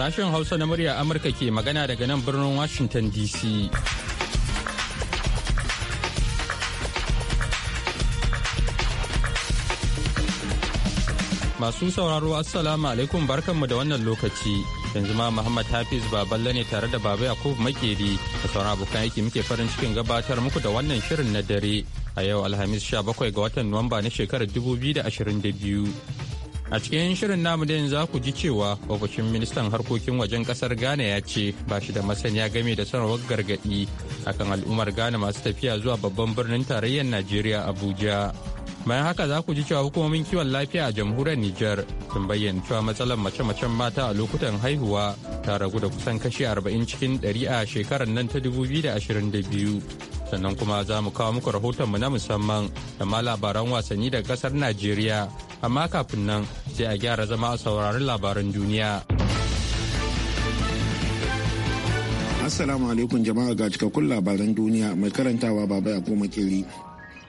Sashen Hausa na murya Amurka ke magana daga nan birnin Washington DC. Masu sauraro Assalamu alaikum barkanmu da wannan lokaci. Yanzu ma Muhammad Hafiz Baballe ne tare da Baba Yakub Makeri da sauran abokan aiki muke farin cikin gabatar muku da wannan shirin na dare a yau Alhamis 17 ga watan Nuwamba na shekarar 2022. A cikin shirin namu da za ku ji cewa ofishin ministan harkokin wajen kasar Ghana ya ce ba shi da masaniya game da sanarwar gargaɗi akan al'ummar Ghana masu tafiya zuwa babban birnin tarayyar Najeriya Abuja. Bayan haka za ku ji cewa hukumomin kiwon lafiya a jamhuriyar Nijar sun bayyana cewa matsalar mace-macen mata a lokutan haihuwa ta ragu da kusan kashi arba'in cikin 100 a shekarar nan ta da ashirin biyu Sannan kuma za mu kawo muku rahotonmu na musamman da ma labaran wasanni daga kasar Najeriya amma kafin nan sai a gyara zama a sauraron labaran duniya. Assalamu alaikum jama'a ga cikakkun labaran duniya mai karantawa babai ya koma kiri.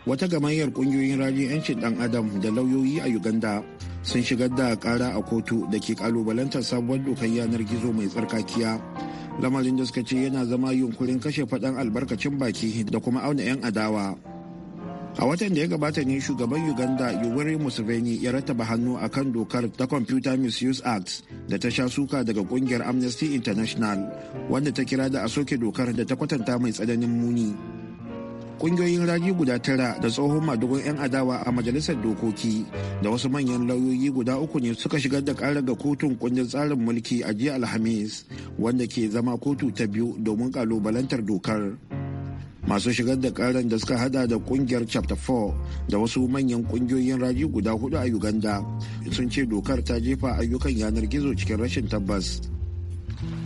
Wata gamayyar kungiyoyin rajin 'yancin dan adam da lauyoyi a Uganda sun shigar da kara a kotu da ke kalubalantar sabuwar dokar yanar gizo mai tsarkakiya. Lamarin da suka ce yana zama yunkurin kashe faɗan albarkacin baki da kuma auna 'yan adawa. a watan da ya gabata ne shugaban uganda yoweri museveni ya rattaba hannu a kan dokar ta computer misuse act da ta sha suka daga kungiyar amnesty international wanda ta kira da a soke dokar da ta kwatanta mai tsananin muni kungiyoyin raji guda tara da tsohon madugun 'yan adawa a majalisar dokoki da wasu manyan lauyoyi guda uku ne suka shigar da karar ga kotun kundin tsarin mulki a jiya alhamis wanda ke zama kotu ta biyu domin kalubalantar dokar masu shigar da karan da suka hada da kungiyar chapter 4 da wasu manyan kungiyoyin raji guda hudu a uganda sun ce dokar ta jefa ayyukan yanar gizo cikin rashin tabbas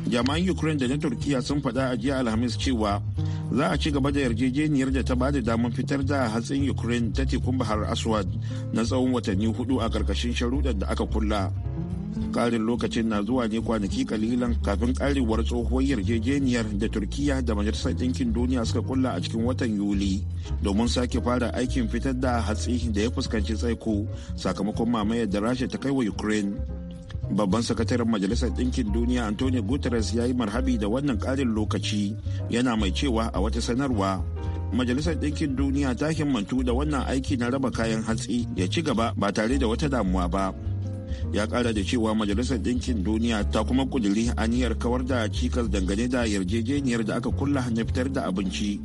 jami'an ukraine da na turkiya sun faɗa a jiya alhamis cewa za a ci gaba da yarjejeniyar da ta bada damar fitar da hatsin ukraine ta tekun bahar aswad na tsawon watanni hudu a ƙarƙashin sharuɗar da aka kulla karin lokacin na zuwa ne kwanaki kalilan kafin karewar tsohuwar yarjejeniyar da turkiya da majalisar ɗinkin duniya suka kulla a cikin watan yuli domin sake fara aikin fitar da hatsi da ya fuskanci tsaiko sakamakon mamayar da rasha ta kai wa ukraine babban sakataren majalisar ɗinkin duniya antonio guterres ya yi marhabi da wannan karin lokaci yana mai cewa a wata sanarwa majalisar ɗinkin duniya ta himmantu da wannan aiki na raba kayan hatsi ya ci gaba ba tare da wata damuwa ba ya kara da cewa majalisar ɗinkin duniya ta kuma kuduri aniyar kawar da cikas dangane da yarjejeniyar da aka kulla na fitar da abinci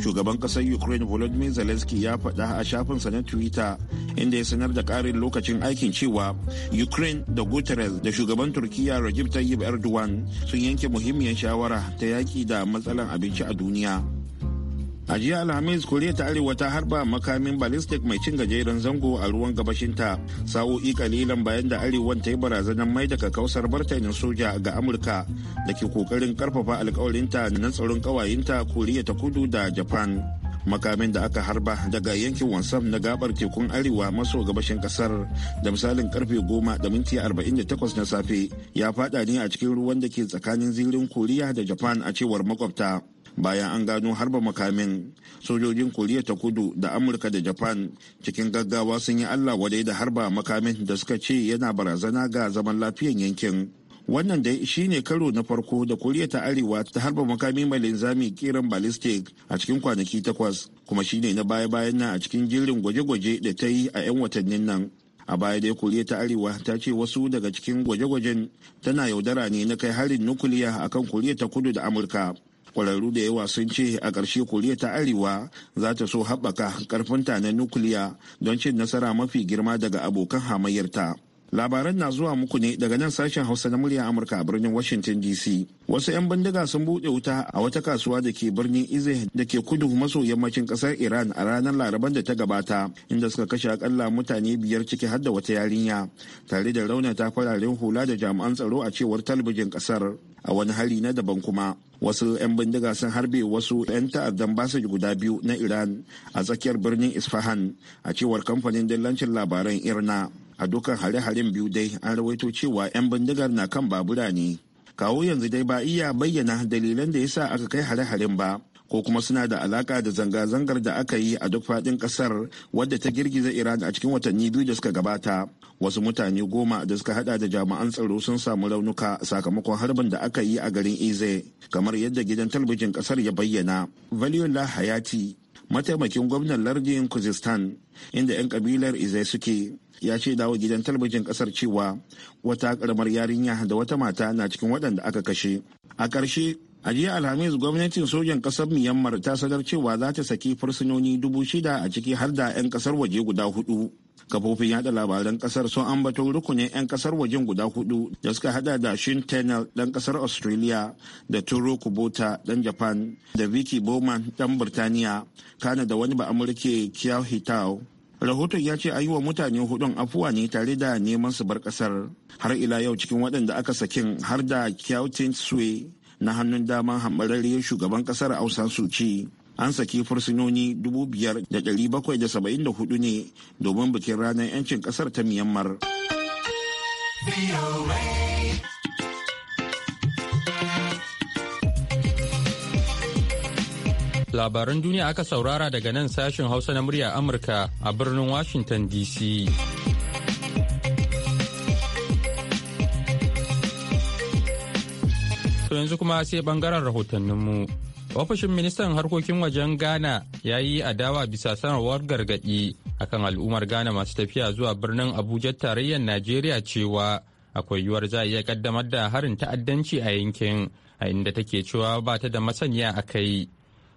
shugaban kasar ukraine volodymyr zelensky ya faɗa a shafin sa na twitter inda ya sanar da ƙarin lokacin aikin cewa ukraine da guterres da shugaban turkiya rajib tayyip erdogan sun yanke muhimmiyar shawara ta yaƙi da matsalar abinci a duniya a jiya alhamis koriya ta arewa ta harba makamin ballistic mai cin gajeren zango a ruwan gabashinta sa'o'i kalilan bayan da arewan ta yi barazanar mai daga kausar martanin soja ga amurka da ke kokarin karfafa alkawarinta na tsaron kawayenta koriya ta kudu da japan makamin da aka harba daga yankin wansam na gabar tekun arewa maso gabashin kasar da misalin karfe goma da minti 48 na safe ya fada ne a cikin ruwan da ke tsakanin zirin koriya da japan a cewar makwabta bayan an gano harba makamin sojojin koriya ta kudu da amurka da japan cikin gaggawa sun yi allah wadai da harba makamin da suka ce yana barazana ga zaman lafiyan yankin wannan dai shine karo na farko da koriya ta arewa ta harba makami mai linzami kiran ballistic a cikin kwanaki takwas kuma shine na baya-bayan nan a cikin jirin gwaje-gwaje da ta yi a 'yan watannin nan a baya dai koriya ta arewa ta ce wasu daga cikin gwaje-gwajen tana yaudara ne na kai harin nukuliya akan koriya ta kudu da amurka kwararru da yawa sun ce a ƙarshe koriya ta arewa za ta so haɓaka ƙarfinta na nukiliya don cin nasara mafi girma daga abokan hamayyarta. Labaran na zuwa muku ne daga nan sashen Hausa na murya Amurka a birnin Washington DC. Wasu 'yan bindiga sun buɗe wuta a wata kasuwa da ke birnin Ize da ke kudu maso yammacin ƙasar Iran a ranar Laraban da ta gabata, inda suka kashe akalla mutane biyar ciki har da wata yarinya, tare da raunata fararen hula da jami'an tsaro a cewar talabijin ƙasar a wani hari na daban kuma. Wasu 'yan bindiga sun harbe wasu 'yan ta'addan basa guda biyu na Iran a tsakiyar birnin Isfahan a cewar kamfanin dillancin labaran Irna. a dukkan hare-haren biyu dai an rawaito cewa 'yan bindigar na kan babura ne kawo yanzu dai ba iya bayyana dalilan da yasa aka kai hare-haren ba ko kuma suna da alaka da zanga-zangar da aka yi a duk faɗin ƙasar wadda ta girgiza iran a cikin watanni biyu da suka gabata wasu mutane goma da suka hada da jami'an tsaro sun samu raunuka sakamakon harbin da aka yi a garin ize kamar yadda gidan talbijin ƙasar ya bayyana valiola hayati mataimakin gwamnan lardin kuzistan inda 'yan kabilar izai suke ya ce dawo gidan talabijin kasar cewa wata karamar yarinya da wata mata na cikin waɗanda aka kashe a ƙarshe a jiya alhamis gwamnatin sojan ƙasar myanmar ta sanar cewa za ta saki fursunoni dubu shida a ciki har da 'yan ƙasar waje guda hudu kafofin yada labaran kasar sun ambato rukunin 'yan kasar wajen guda hudu da suka hada da shin tenel dan kasar australia da turo kubota dan japan da vicky bowman dan birtaniya kana da wani ba amurke kiao hitao rahoton ya ce a yi wa mutane hudun afuwa ne tare da neman su bar kasar har ila yau cikin waɗanda aka sakin har da kyautin sue na hannun damar hambararriyar shugaban kasar ausan suci an saki fursunoni 5,774 ne domin bikin ranar 'yancin kasar ta Myanmar. Labaran duniya aka saurara daga nan sashen Hausa na murya Amurka a birnin Washington DC. To yanzu kuma sai bangaren rahotanninmu. ofishin ministan harkokin wajen ghana ya yi adawa bisa sanarwar gargaɗi akan al'ummar ghana masu tafiya zuwa birnin abuja tarayyar najeriya cewa akwai yiwuwar za a iya kaddamar da harin ta'addanci a yankin a inda take cewa ba ta da masaniya a kai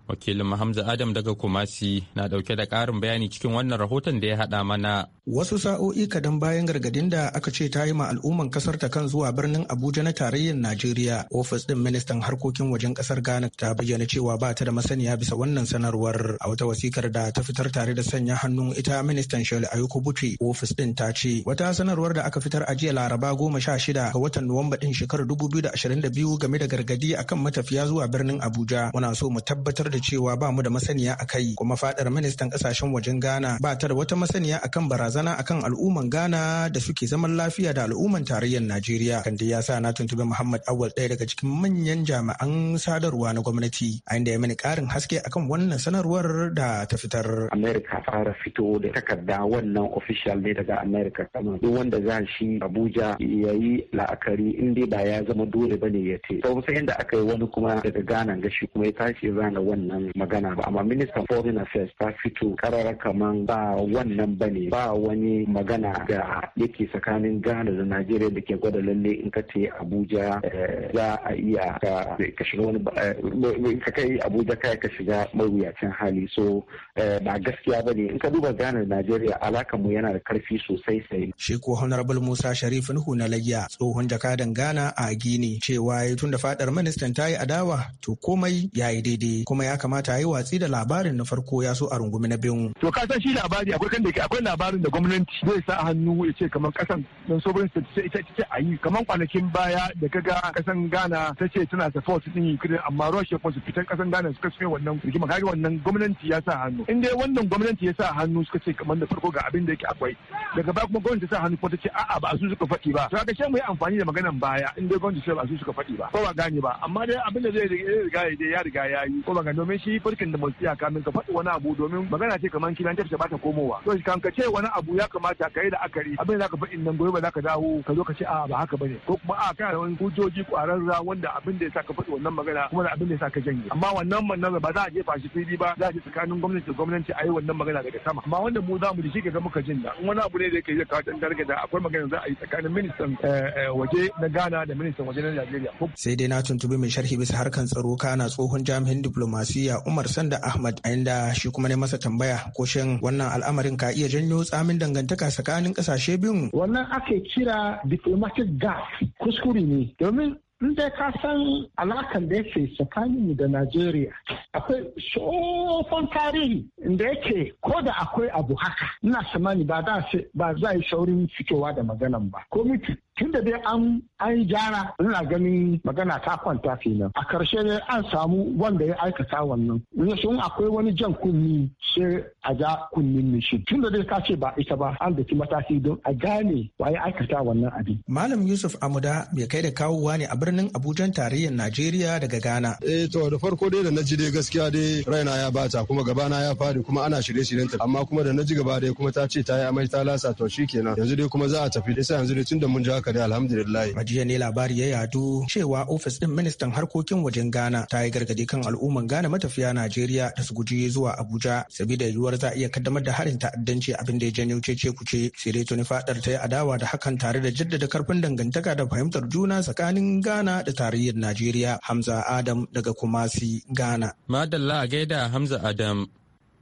wakilin hamza adam daga kumasi na ɗauke da ƙarin bayani cikin wannan rahoton da ya haɗa mana Wasu sa'o'i kadan bayan gargadin da aka ce ta yi ma al'umman kasar ta kan zuwa birnin Abuja na tarayyar Najeriya, ofis ɗin ministan harkokin wajen kasar Ghana ta bayyana cewa ba ta da masaniya bisa wannan sanarwar a wata wasikar da ta fitar tare da sanya hannun ita ministan Shirley ayuku Buce. Ofis ɗin ta ce wata sanarwar da aka fitar a jiya Laraba goma sha shida ga watan Nuwamba din shekarar dubu biyu da ashirin da biyu game da gargadi akan matafiya zuwa birnin Abuja. Muna so mu tabbatar da cewa ba mu da masaniya a kai kuma fadar ministan kasashen wajen Ghana ba ta da wata masaniya akan barazana barazana akan al'umman Ghana da suke zaman lafiya da al'umman tarayyar Najeriya. Kan ya sa na tuntubi Muhammad Awal ɗaya daga cikin manyan jami'an sadarwa na gwamnati, a inda ya mani ƙarin haske akan wannan sanarwar da ta fitar. Amerika fara fito da takarda wannan official ne daga Amerika sama. Duk wanda za shi Abuja ya yi la'akari in dai ba ya zama dole bane ya ce. Sau sai yadda aka yi wani kuma daga Ghana shi kuma ya tashi zana wannan magana ba. Amma ministan foreign affairs ta fito karara kaman ba wannan bane ba wani magana da yake tsakanin Ghana da Najeriya da ke gwada lalle in ka ce Abuja eh, za a iya ka shiga wani eh, ka kai Abuja kai ka shiga mawuyacin hali so eh, ba gaskiya bane in ka duba Ghana da Najeriya alaka mu yana da karfi sosai sai. Shi ko Honorable Musa Sharif Nuhu na Lagiya tsohon jakadan Ghana a Gini cewa tun da fadar ministan ta yi adawa to komai ya yi daidai kuma ya kamata a yi watsi da labarin na farko ya so a rungumi na biyu To ka san shi labari akwai kan da akwai labarin da gwamnati zai sa hannu ya ce kamar kasan don sovereign state ce ita ce a yi kamar kwanakin baya da kaga kasan ghana ta ce tana support din ukraine amma russia kuma su fitan kasan ghana suka suke wannan rigima kaga wannan gwamnati ya sa hannu in dai wannan gwamnati ya sa hannu suka ce kamar da farko ga abin da yake akwai daga baya kuma gwamnati ta sa hannu ko ta ce a'a ba su suka faɗi ba to kaga shi mu yi amfani da maganan baya in dai gwamnati ba su suka faɗi ba ko ba gane ba amma dai abin da zai riga ya riga ya yi ko ba gane domin shi farkin da mulkiya kamin ka faɗi wani abu domin magana ce kamar kilan ta ba ta komowa to kan ka ce wani abu abu ya kamata ka yi da akari abin da ka faɗin nan gobe ba za ka dawo ka zo ka ce a ba haka bane ko kuma a kana da wani hujjoji ra wanda abin da ya sa ka faɗi wannan magana kuma da abin da ya sa ka janye amma wannan mannan ba za a jefa shi fili ba za a ce tsakanin gwamnati da gwamnati a yi wannan magana daga sama amma wanda mu za mu ji shi ga muka jin da wani abu ne da yake zai kawo tantar da akwai magana za a yi tsakanin ministan eh, eh, waje na Ghana da ministan waje na Najeriya sai dai na tuntubi mai sharhi bisa harkan tsaro kana tsohon jami'in diplomasiya Umar Sanda Ahmad a inda shi kuma ne masa tambaya ko shin wannan al'amarin ka iya janyo tsamin tsakanin dangantaka tsakanin kasashe biyun wannan ake kira diplomatic gas kuskure ne domin in dai ka san alakan da yake tsakaninmu da Najeriya akwai tsohon tarihi inda yake ko da akwai abu haka ina samani ba za ba za yi saurin fitowa da maganan ba komiti tun da dai an an jana. ina ganin magana ta kwanta kenan a karshe ne an samu wanda ya aikata wannan sun akwai wani jan kunni sai a ja kunnin shi tun da dai ka ce ba ita ba an daki mataki don a gane wa ya aikata wannan abin malam yusuf amuda bai kai da kawowa ne a birnin abujan tarayyar najeriya daga ghana eh to da farko dai da na ji dai gaskiya dai raina ya bata kuma gabana ya fadi kuma ana shirye-shiryen ta amma kuma da na ji gaba dai kuma ta ce ta yi amai ta lasa to shikenan yanzu dai kuma za a tafi sai yanzu dai tun da mun ja haka dai alhamdulillah Majiya ne labari ya yadu cewa ofis ɗin ministan harkokin wajen ghana ta yi gargadi kan al'umman ghana matafiya najeriya da su guji zuwa abuja saboda yiwuwar za a iya kaddamar da harin ta'addanci abin da ya janyo cece kuce sire tuni fadar ta yi adawa da hakan tare da jaddada karfin dangantaka da fahimtar juna tsakanin ghana da tarayyar najeriya hamza adam daga kumasi ghana madalla gaida hamza adam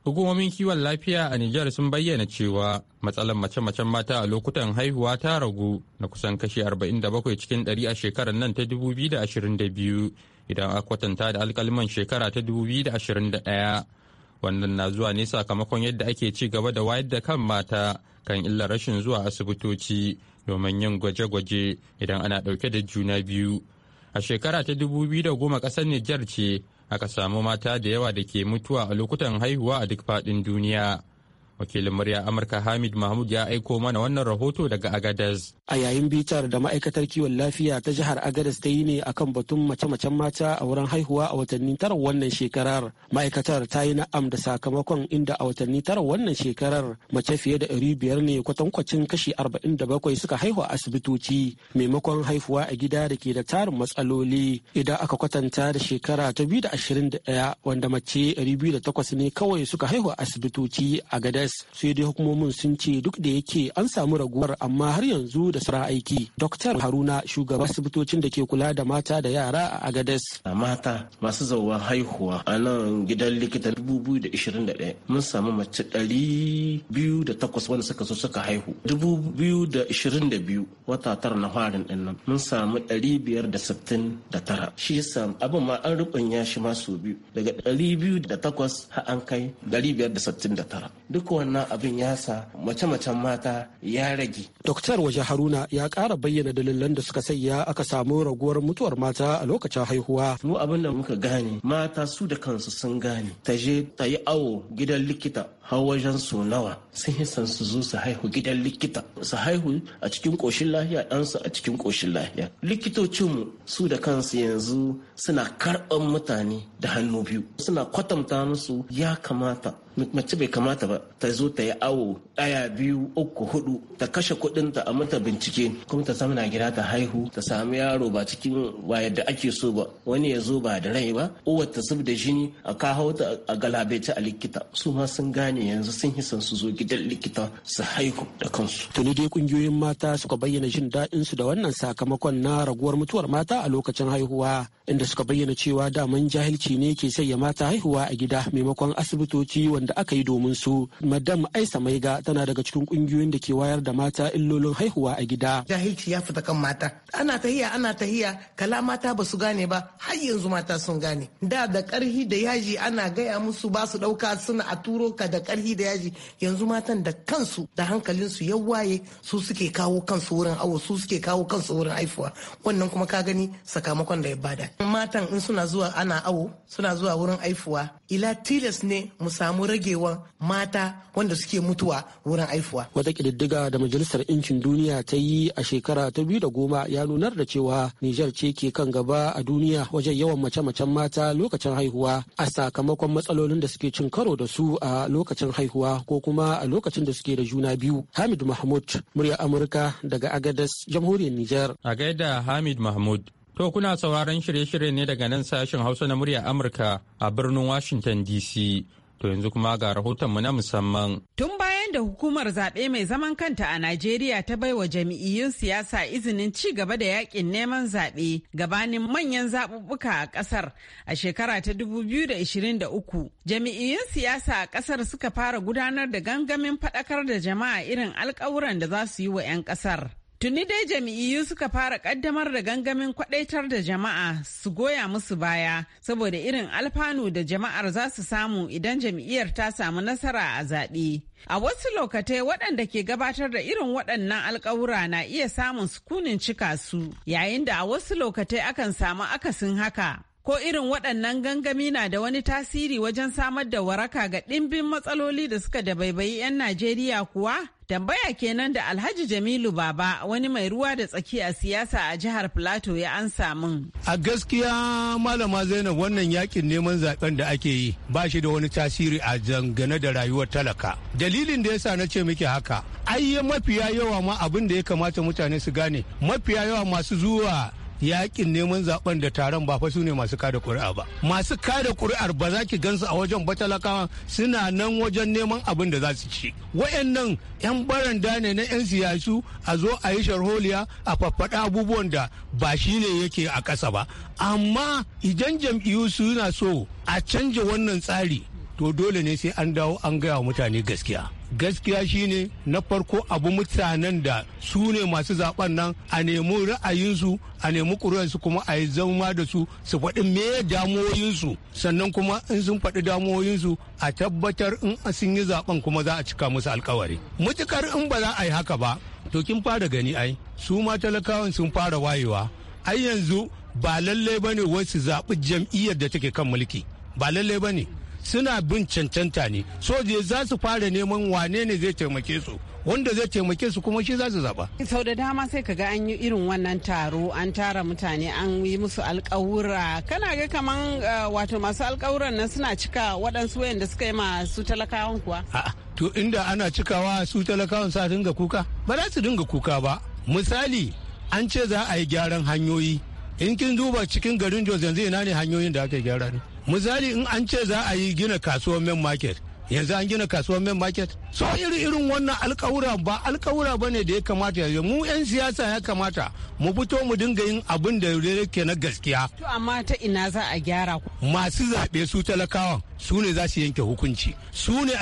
Hukumomin kiwon lafiya a Nijar sun bayyana cewa matsalar mace-macen mata a lokutan haihuwa ta ragu na kusan kashi 47 cikin 100 a shekarar nan ta 2022 idan aka kwatanta da alkaliman shekara ta 2021. Wannan na zuwa ne sakamakon yadda ake ci gaba da wayar da kan mata kan illar rashin zuwa asibitoci domin yin gwaje-gwaje idan ana dauke da juna biyu. A shekara ta 2010 ƙasar Nijar ce aka samu mata da yawa da ke mutuwa a lokutan haihuwa a duk faɗin duniya wakilin murya amurka hamid mahmud ya aiko mana wannan rahoto daga agadez a yayin bitar da ma'aikatar kiwon lafiya ta jihar agadez ta yi ne akan batun mace-macen mata a wurin haihuwa a watanni tara wannan shekarar ma'aikatar ta yi na'am da sakamakon inda a watanni tara wannan shekarar mace fiye da ɗari biyar ne kwatankwacin kashi arba'in da bakwai suka haihu a asibitoci maimakon haihuwa a gida da ke da tarin matsaloli idan aka kwatanta da shekara ta biyu da ashirin da ɗaya wanda mace ɗari biyu da takwas ne kawai suka haihu a asibitoci a gadar Angeles sai dai hukumomin sun ce duk da yake an samu raguwar amma har yanzu da sara aiki. Dr. Haruna shugaban asibitocin da ke kula da mata da yara a Agades. Mata masu zauwa haihuwa a nan gidan likita 2021 mun samu mace 208 wanda suka zo suka haihu. 2022 wata tara na farin din nan mun samu 569. Shi yasa abin ma an ya shi ma sau biyu daga 208 har an kai 569. Duk wannan abin ya sa mace-macen mata ya rage. Doktar waje Haruna ya ƙara bayyana dalilan da suka sanya aka samu raguwar mutuwar mata a lokacin haihuwa. Mu abin da muka gane mata su da kansu sun gane ta je ta yi awo gidan likita har wajen su nawa sun yi san su zo su haihu gidan likita su haihu a cikin ƙoshin lahiya ɗansu a cikin ƙoshin lahiya. mu su da kansu yanzu suna karɓar mutane da hannu biyu suna kwatanta musu ya kamata mace bai kamata ba ta zo ta yi awo daya biyu uku hudu ta kashe kuɗin ta a mata bincike kuma ta samu na gida ta haihu ta samu yaro ba cikin ba yadda ake so ba wani ya zo ba da rai ba uwar ta zub da jini a kawo ta a galabaice a likita su ma sun gane yanzu sun hisan su zo gidan likita su haihu da kansu. Tuni dai kungiyoyin mata suka bayyana jin daɗin su da wannan sakamakon na raguwar mutuwar mata a lokacin haihuwa inda suka bayyana cewa daman jahilci ne ke sanya mata haihuwa a gida maimakon asibitoci da aka yi domin su madam aisa maiga tana daga cikin kungiyoyin da ke wayar da mata illolin haihuwa a gida jahilci ya fita kan mata ana tahiya ana tahiya kala mata ba su gane ba har yanzu mata sun gane da da karhi da yaji ana gaya musu ba su dauka suna a turo ka da karhi da yaji yanzu matan da kansu da hankalinsu ya waye su suke kawo kansu wurin awo su suke kawo kansu wurin haifuwa wannan kuma ka gani sakamakon da ya bada matan in suna zuwa ana awo suna zuwa wurin haifuwa ila tilas ne mu samu ragewan mata wanda suke mutuwa wurin haihuwa Wata kididdiga da Majalisar incin Duniya ta yi a shekara ta biyu da goma ya nunar da cewa Nijar ce ke kan gaba a duniya wajen yawan mace-macen mata lokacin haihuwa a sakamakon matsalolin da suke cin karo da su a lokacin haihuwa ko kuma a lokacin da suke da juna biyu. Hamid Mahmud, murya Amurka daga Agadez, Jamhuriyar Nijar. A gaida Hamid Mahmud. To kuna sauraron shirye-shirye ne daga nan sashen Hausa na murya Amurka a birnin Washington DC. To yanzu kuma ga rahotonmu na musamman. Tun bayan da hukumar zaɓe mai zaman kanta a Najeriya ta bai wa jami'iyyun siyasa izinin ci gaba da yakin neman zaɓe gabanin manyan zaɓuɓɓuka a ƙasar a shekara ta 2023. Jami'iyyun siyasa a ƙasar suka fara gudanar da gangamin faɗakar da jama'a irin alƙawuran da za su yi wa 'yan ƙasar. Tuni dai jam'iyyu suka fara kaddamar da gangamin kwadaitar da jama'a su goya musu baya saboda irin alfanu da jama'ar za su samu idan jam'iyyar ta samu nasara a zaɓe. A wasu lokatai waɗanda ke gabatar da irin waɗannan alkawura na iya samun sukunin cika su yayin da a wasu lokatai akan samu akasin haka. Ko irin waɗannan gangami na da wani tasiri wajen samar da waraka ga ɗimbin matsaloli da suka dabaibayi 'yan Najeriya kuwa? Tambaya kenan da Alhaji Jamilu Baba wani mai ruwa da tsaki a siyasa a jihar Plateau ya ansa min. A gaskiya malama Zainab wannan yakin neman zaben da ake yi ba shi da wani tasiri a zangane da rayuwar talaka. Dalilin da yasa na ce miki haka. Ai mafiya yawa ma abin da ya kamata mutane su gane mafiya yawa masu zuwa yakin neman zaben da taron ba fa su ne masu kada kuri'a ba masu kada kuri'ar ba za ki gansu a wajen batalakawa suna nan wajen neman abin da za su ci wayannan yan baranda ne na yan siyasu a zo a yi sharholiya a faffaɗa abubuwan da ba shi ne yake a ƙasa ba amma idan jam'iyyu suna so a canja wannan tsari to dole ne sai an dawo an gaya wa mutane gaskiya gaskiya shine na farko abu mutanen da su ne masu zaben nan a nemi ra'ayinsu a nemi ƙuri'arsu kuma a yi zama da su su faɗi me damuwoyinsu sannan kuma in sun faɗi damuwoyinsu a tabbatar in sun yi zaben kuma za a cika musu alkawari mutukar in ba za a yi haka ba to kin fara gani ai su ma talakawan sun fara wayewa ai yanzu ba lallai bane wai su zaɓi jam'iyyar da take kan mulki ba lallai bane suna bin cancanta ne soje za su fara neman wane ne zai taimake su wanda zai taimake su kuma shi za su zaba. sau da dama sai ka ga an yi irin wannan taro an tara mutane an yi musu alkawura kana ga kaman eh, wato masu alkawuran nan suna cika waɗansu da suka yi masu talakawan kuwa. to inda ana cikawa su talakawan sa dinga kuka ba za su dinga kuka ba misali an ce za a yi gyaran hanyoyi in kin duba cikin garin jos yanzu ina ne hanyoyin da aka gyara ne misali in an ce za a yi gina kasuwar main market yanzu an gina kasuwar main market so iri irin wannan alkawura ba alkawura ba ne da ya kamata yanzu mu 'yan siyasa ya kamata mu fito mu dinga yin abin da yake na gaskiya to amma ta ina za a gyara masu zaɓe su talakawan su ne za su yanke hukunci su ne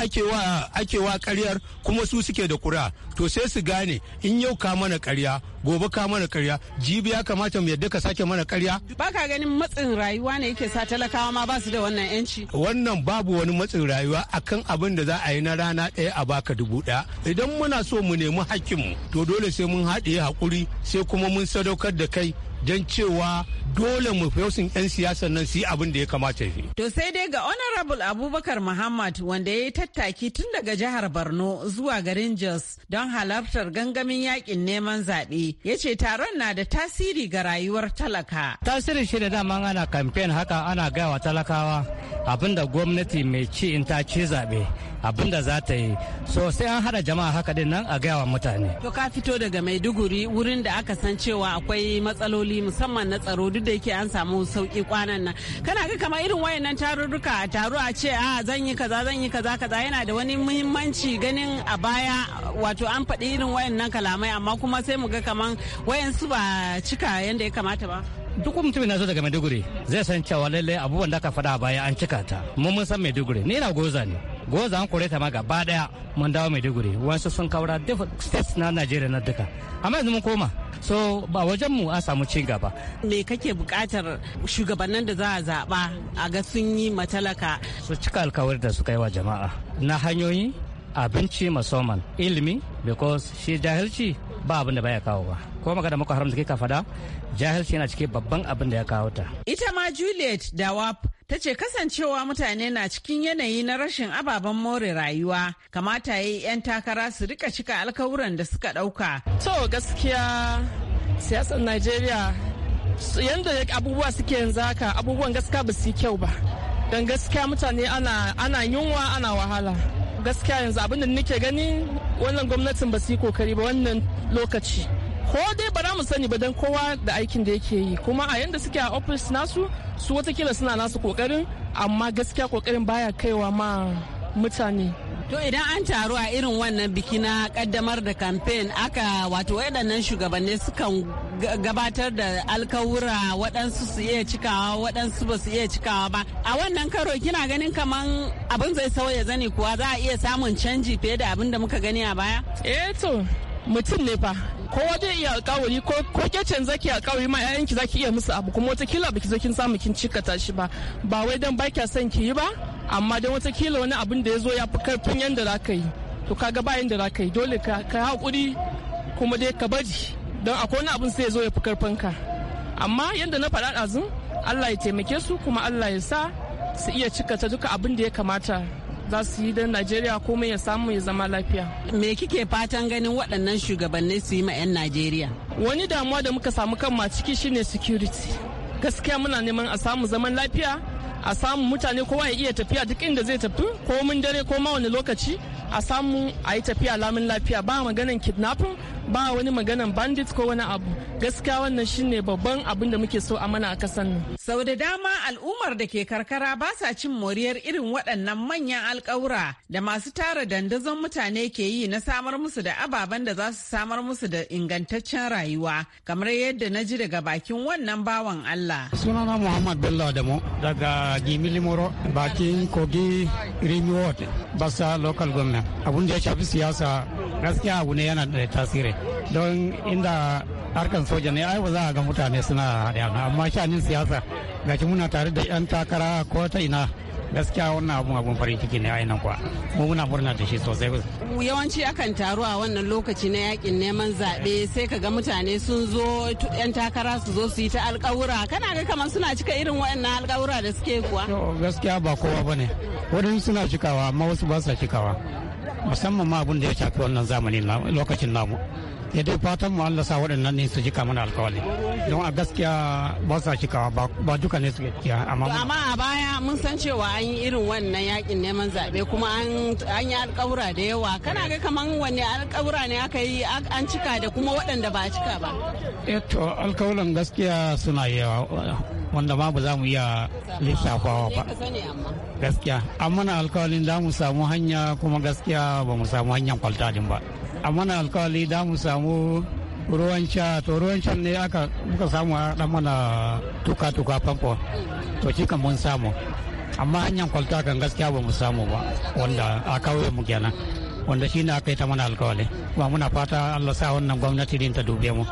ake wa karyar kuma su suke da kura to sai su gane in yau ka mana karya gobe ka mana karya jibi ya kamata mu yadda ka sake mana karya ba ka ganin matsin rayuwa ne yake sa talakawa ma ba su da wannan yanci wannan babu wani matsin rayuwa akan abin da za a yi na rana ɗaya a baka dubu ɗaya idan muna so mu nemi mu to dole sai mun haɗe hakuri sai kuma mun sadaukar da kai don cewa dole mu fausin 'yan siyasar nan su yi abin da ya kamata yi. To sai dai ga Honorable Abubakar Muhammad wanda ya yi tattaki tun daga jihar Borno zuwa garin Jos don halartar gangamin yakin neman zaɓe. Ya ce taron na da tasiri ga rayuwar talaka. Tasirin shi da dama ana kamfen haka ana gaya wa talakawa abin da gwamnati mai ci in ta ci zaɓe abin da za ta yi. So sai an hada jama'a haka din nan a gaya wa mutane. To ka fito daga Maiduguri wurin da aka san cewa akwai matsaloli hankali musamman na tsaro duk da yake an samu sauki kwanan nan kana ga kamar irin wayannan tarurruka a taro a ce a ah, zan yi kaza zan yi kaza kaza yana da wani muhimmanci ganin a baya wato an faɗi irin wayannan kalamai amma kuma sai mu ga kamar wayansu ba cika yanda ya kamata ba duk mutumin na zo daga maiduguri zai san cewa lallai abubuwan da aka faɗa a baya an cika ta mun mun san maiduguri ni ina goza ne goza an kore ta ma gaba daya mun dawo maiduguri wasu sun kaura states na najeriya na duka amma yanzu mun koma so ba wajen mu an samu ci gaba me kake bukatar shugabannin da za a zaba a ga sun yi matalaka su cika alkawar da suka yi wa jama'a na hanyoyi abinci musamman ilimi because shi jahilci ba abin da baya kawo ba ko magana muka haram da kika fada jahilci yana ciki babban abin da ya kawo ta ita ma juliet dawap ta ce kasancewa mutane na cikin yanayi na rashin ababen more rayuwa kamata yi 'yan takara su rika cika alkawuran da suka ɗauka. to gaskiya siyasar nigeria yadda abubuwa suke yanzu haka abubuwan gaskiya ba su yi kyau ba don gaskiya mutane ana yunwa ana wahala gaskiya yanzu abin da nake gani wannan gwamnatin ba su yi kokari ba wannan lokaci ko dai ba za mu sani ba dan kowa da aikin da yake yi kuma a yanda suke a ofis nasu su watakila suna nasu kokarin amma gaskiya kokarin baya kaiwa ma mutane To idan an taru a irin wannan biki na kaddamar da kamfen aka wato waɗannan shugabanni sukan gabatar da alkawura waɗansu su iya cikawa waɗansu ba su iya cikawa ba. A wannan karo kina ganin kaman abin zai sauya zani kuwa za a iya samun canji fiye da abin da muka gani a baya? Eh to mutum ne fa kowa zai iya alkawari ko ko kecen zaki alkawari ma yayan ki zaki iya musu abu kuma wata kila baki zo kin samu kin cikata shi ba ba wai dan kya son ki yi ba amma dan wata kila wani abin da ya zo ya fi karfin yanda za ka yi to kaga bayan da za ka yi dole ka haƙuri kuma dai ka bari don akwai wani abin sai ya zo ya fi karfin ka amma yanda na faɗa ɗazun Allah ya taimake su kuma Allah ya sa su iya cikata duka abin da ya kamata za su yi don najeriya komai ya samu ya zama lafiya me kike fatan ganin waɗannan shugabannin su yi ma 'yan najeriya wani damuwa da muka samu kan ma ciki shine security gaskiya muna neman a samu zaman lafiya a samu mutane kowa ya iya tafiya duk inda zai tafi ko mun dare ko ma wani lokaci a samu a yi tafiya lamin lafiya ba maganin kidnapping ba wani maganan bandit ko wani abu gaskiya wannan shine babban abin da muke so a mana a kasan nan sau da dama al'ummar da ke karkara ba sa cin moriyar irin waɗannan manyan alkawura da masu tara dandazon mutane ke yi na samar musu da ababen da za su samar musu da ingantaccen rayuwa kamar yadda na ji daga bakin wannan bawan Allah sunana Muhammad Bello Adamu daga moro bakin Kogi Rimi Ward Basa local government abun da ya shafi siyasa gaskiya abu ne yana da tasiri don inda harkan soja ne ai ba za a ga mutane suna haɗe amma shanin siyasa gashi muna tare da 'yan takara ko ta ina gaskiya wannan abun abun farin ciki ne ainihin kuwa mu muna murna da shi sosai yawanci akan taru a wannan lokaci na yakin neman zaɓe sai ka ga mutane sun zo yan takara su zo su yi ta alƙawura kana ga kamar suna cika irin waɗannan alƙawura da suke kuwa gaskiya ba kowa bane wadansu suna cikawa amma wasu ba sa cikawa musamman ma abin da ya shafi wannan zamani lokacin namu ya dai fatan mu Allah sa waɗannan ne su ji mana alkawali don a gaskiya ba sa cikawa ba duka ne su gaskiya amma a baya mun san cewa an yi irin wannan yakin neman zaɓe kuma an yi alkawura da yawa kana ga kamar wanne alkawura ne aka yi an cika da kuma waɗanda ba cika ba eh to alkawuran gaskiya suna yawa wanda ba za mu iya lissafawa ba gaskiya amma mana alkawalin za mu samu hanya kuma gaskiya ba mu samu hanyar kwalta din ba amma mana alkawali za mu samu ruwan sha to ruwan sha ne aka muka samu a dan mana tuka-tuka famfo to shi kan mun samu amma hanyar kwalta kan gaskiya ba mu samu ba wanda a kauye mu kenan wanda shi na kai ta mana alkawali kuma muna fata allah sa wannan gwamnati din ta dube mu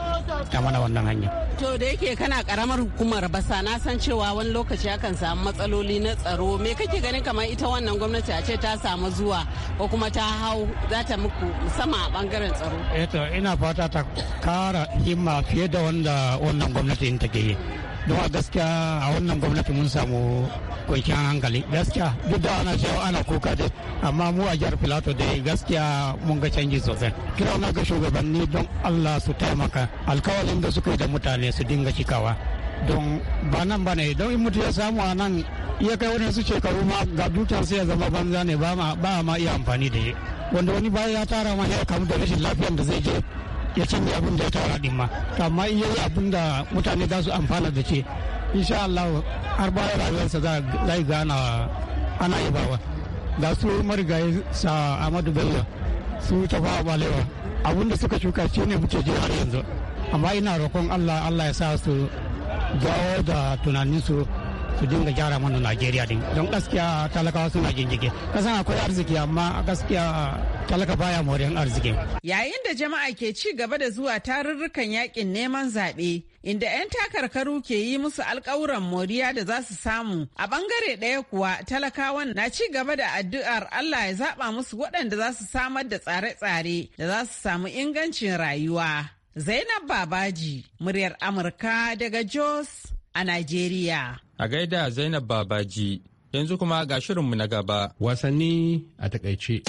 ta mana wannan hanya to da yake kana karamar hukumar basa na san cewa wani lokaci akan samu matsaloli na tsaro me kake ganin kamar ita wannan gwamnati a ce ta samu zuwa ko kuma ta hau za ta muku musamman a bangaren tsaro eh to ina fata ta kara himma fiye da wanda wannan gwamnati ta ke yi don a gaskiya a wannan gwamnati mun samu kwanciyar hankali gaskiya duk da ana cewa ana kuka da amma mu a jihar filato dai gaskiya mun ga canji sosai kira na ga shugabanni don allah su taimaka alkawalin da suka yi da mutane su dinga cikawa don ba nan ba ne don in mutu ya samu a nan iya kai wani su shekaru ma ga dukiyar sai ya zama banza ne ba ma iya amfani da shi wanda wani baya ya tara ma ya kamu da rashin lafiyar da zai je ya cinye abin da ya tara din ma to amma in yayi abin da mutane za su amfana da ce insha Allah har bayan rayuwarsa za a gana ana yabawa ga su marigayi sa Ahmadu Bello su tafa balewa abin da suka shuka shi ne muke ji har yanzu amma ina roƙon Allah Allah ya sa su dawo da tunaninsu su dinga gyara mana najeriya din don gaskiya talakawa suna gingige kasan akwai arziki amma gaskiya talaka baya moriyan arziki yayin da jama'a ke ci gaba da zuwa tarurrukan yakin neman zaɓe inda 'yan takarkaru ke yi musu alkawuran moriya da za su samu a bangare ɗaya kuwa talakawan na ci gaba da addu'ar allah ya zaɓa musu waɗanda za su samar da tsare-tsare da za su samu ingancin rayuwa zainab babaji muryar amurka daga jos a Najeriya. A gaida Zainab Babaji, yanzu kuma ga shirinmu na gaba. Wasanni a takaice.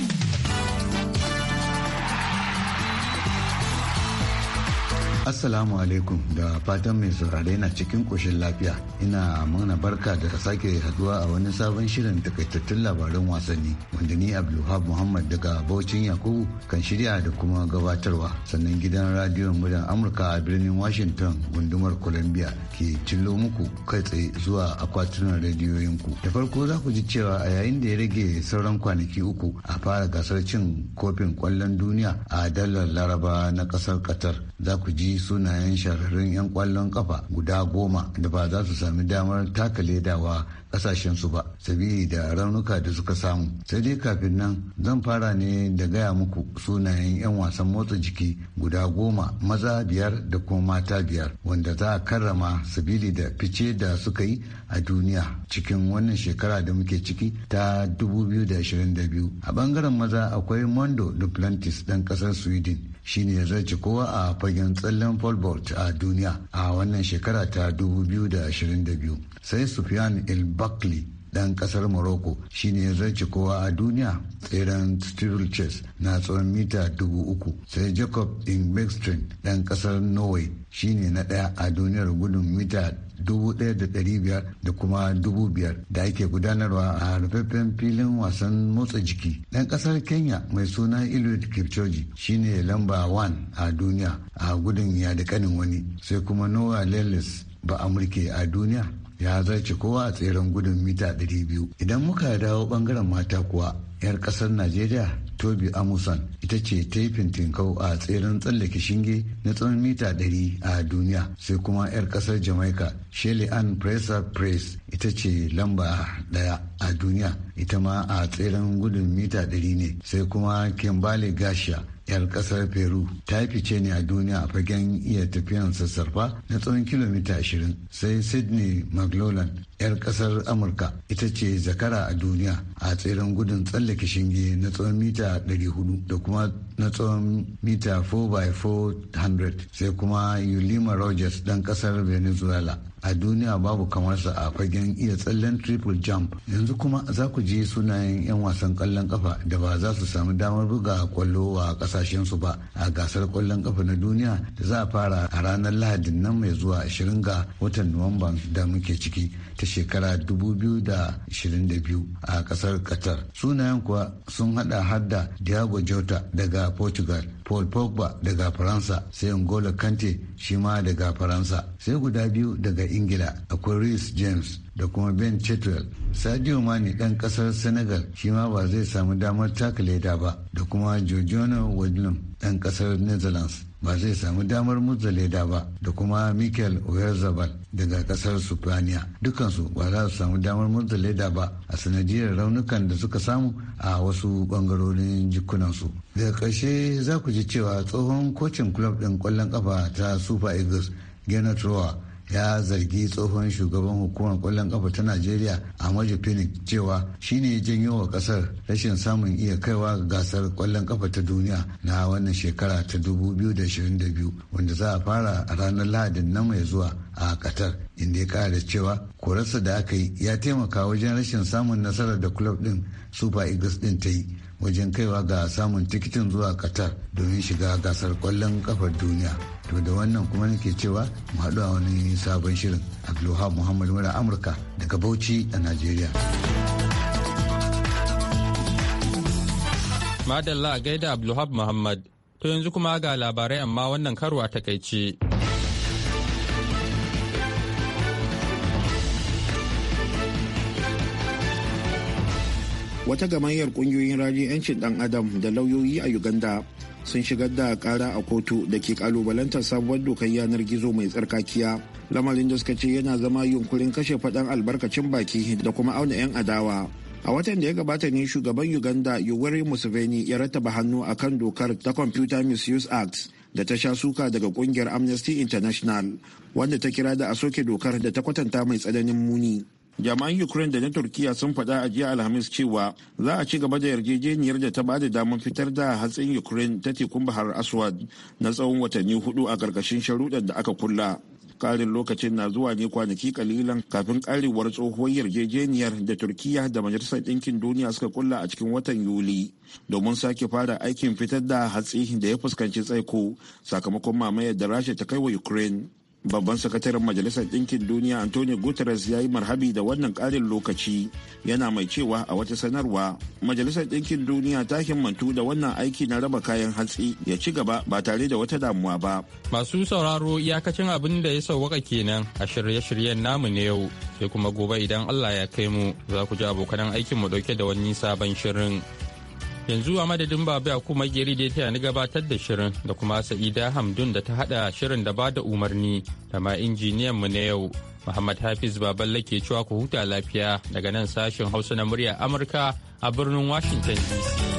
Assalamu alaikum da fatan mai saurare na cikin ƙoshin lafiya. Ina mana barka da sake haduwa a wani sabon shirin takaitattun labaran wasanni wanda ni Abdulhab Muhammad daga Baucin Yakubu kan shirya da kuma gabatarwa. Sannan gidan radiyon mudan Amurka a birnin Washington gundumar Columbia ke cillo muku kai tsaye zuwa akwatunan rediyoyinku. Da farko za ku ji cewa a yayin da ya rage sauran kwanaki uku a fara gasar cin kofin kwallon duniya a dalar Laraba na kasar Qatar za ku ji sunayen shahararrun 'yan kwallon kafa guda goma da ba za su sami damar taka ledawa su ba sabili da raunuka da suka samu sai dai kafin nan zan fara ne da gaya muku sunayen 'yan wasan motsa jiki guda goma maza biyar da kuma mata biyar wanda za a karrama sabili da fice da suka yi a duniya cikin wannan shekara da muke ciki ta 2022 a bangaren maza akwai mondo duplantis ɗan ƙasar sweden shine ya zarce kowa a fagen tsallen polbort a duniya a wannan shekara ta 2022 sai sufyan el buckley dan kasar morocco shine ya zarce kowa a duniya tseren steel chess na tsawon mita dubu uku sai jacob ingbeckstrin dan kasar norway shine na daya a duniyar gudun mita 1,500 da kuma 5,000 da ake gudanarwa a harfaffen filin wasan motsa jiki. Ɗan ƙasar Kenya mai suna Eliud Kipchoge shine lamba 1 a duniya a gudun ya da kanin wani sai kuma Noah Lelis ba Amurke a duniya ya zarce kowa a tseren gudun mita 200. Idan muka dawo bangaren mata kuwa 'yar kasar najeriya tobi amusan ita ce ta yi fintinkau a tseren tsallake shinge na tsawon mita 100 a duniya sai kuma 'yar kasar jamaica shelly ann Fraser Price ita ce lamba daya a duniya ita ma a tseren gudun mita 100 ne sai kuma kimbali gashia. 'yar kasar peru ta fice ne a duniya a fagen iya tafiyan sassarfa na tsawon kilomita 20 sai sydney mclaulan 'yar kasar amurka ita ce zakara a duniya a tseren gudun tsallake shinge na tsawon mita 400 da kuma na tsawon mita 4x400 sai kuma yulima rogers dan kasar venezuela a duniya babu kamarsa a fagen iya tsallen triple jump yanzu kuma za ku ji sunayen 'yan wasan kwallon kafa da ba za su samu damar buga kwallo a su ba a gasar kwallon kafa na duniya da za a fara a ranar lahadin nan mai zuwa 20 ga watan Nuwamba da muke ciki ta shekara 2022 a kasar qatar sunayen kuwa sun hada da diago jota daga portugal paul pogba daga faransa sai ngola kante shi ma daga faransa sai guda biyu daga ingila akwai Rhys james da kuma ben chitwell sadio mani dan kasar senegal shi ma ba zai samu damar taka leda ba da kuma georgiano wadlam dan kasar netherlands ba zai samu damar mutsa leda ba da kuma michael oyarzabal daga kasar supaniya dukansu ba za su samu damar mutsa leda ba a sanadiyar raunukan da suka samu a wasu bangarorin jikunansu daga ƙarshe za ku ji cewa tsohon kocin club ɗin kwallon ƙafa ta super eagles gennett ya zargi tsohon shugaban hukumar kwallon kafa ta najeriya ahmadu phoenix cewa shine janyo wa kasar rashin samun iya kaiwa ga gasar kwallon kafa ta duniya na wannan shekara ta 2022 wanda za a fara a ranar lahadin na mai zuwa a qatar inda ya kara cewa korarsa da aka yi ya taimaka wajen rashin samun nasarar da club din super eagles din ta yi wajen kaiwa ga samun tikitin zuwa qatar domin shiga gasar kwallon kafar duniya to da wannan kuma nake cewa mu haɗu a wani sabon shirin abdulhab muhammad mura amurka daga bauchi a najeriya madalla gaida abdulhab muhammad to yanzu kuma ga labarai amma wannan karo a takaice wata gamayyar kungiyoyin rajin 'yancin dan adam da lauyoyi a uganda sun shigar da kara a kotu da ke kalubalantar sabuwar dokar yanar gizo mai tsarkakiya lamarin da suka ce yana zama yunkurin kashe faɗan albarkacin baki da kuma auna 'yan adawa a watan da ya gabata ne shugaban uganda yoweri museveni ya rattaba hannu a kan dokar ta computer misuse act da ta sha suka daga kungiyar amnesty international wanda ta kira da a soke dokar da ta kwatanta mai tsananin muni jami'an ukraine da na turkiya sun faɗa a jiya alhamis cewa za a ci gaba da yarjejeniyar da ta bada damar fitar da hatsin ukraine ta tekun bahar aswad na tsawon watanni hudu a ƙarƙashin sharuɗan da aka kulla ƙarin lokacin na zuwa ne kwanaki kalilan kafin ƙarewar tsohuwar yarjejeniyar da turkiya da majalisar ɗinkin duniya suka kulla a cikin watan yuli domin sake fara aikin fitar da hatsi da ya fuskanci tsaiko sakamakon mamayar da rasha ta kai wa ukraine babban sakataren majalisar ɗinkin duniya antonio guterres ya yi marhabi da wannan ƙarin lokaci yana mai cewa a wata sanarwa majalisar ɗinkin duniya ta himmantu da wannan aiki na raba kayan hatsi ya ci gaba ba tare da wata damuwa ba masu sauraro iyakacin abin da ya sauwaka kenan a shirye-shiryen namu ne yau sai kuma gobe idan allah ya kai mu za ku ji abokan aikin mu ɗauke da wani sabon shirin yanzu a madadin babu kuma geri da ta ni gabatar da shirin da kuma sa'ida hamdun da ta hada shirin da ba da umarni da ma injiniyan mu na yau muhammad hafiz baballe ke cewa ku huta lafiya daga nan sashen hausa na murya amurka a birnin washington dc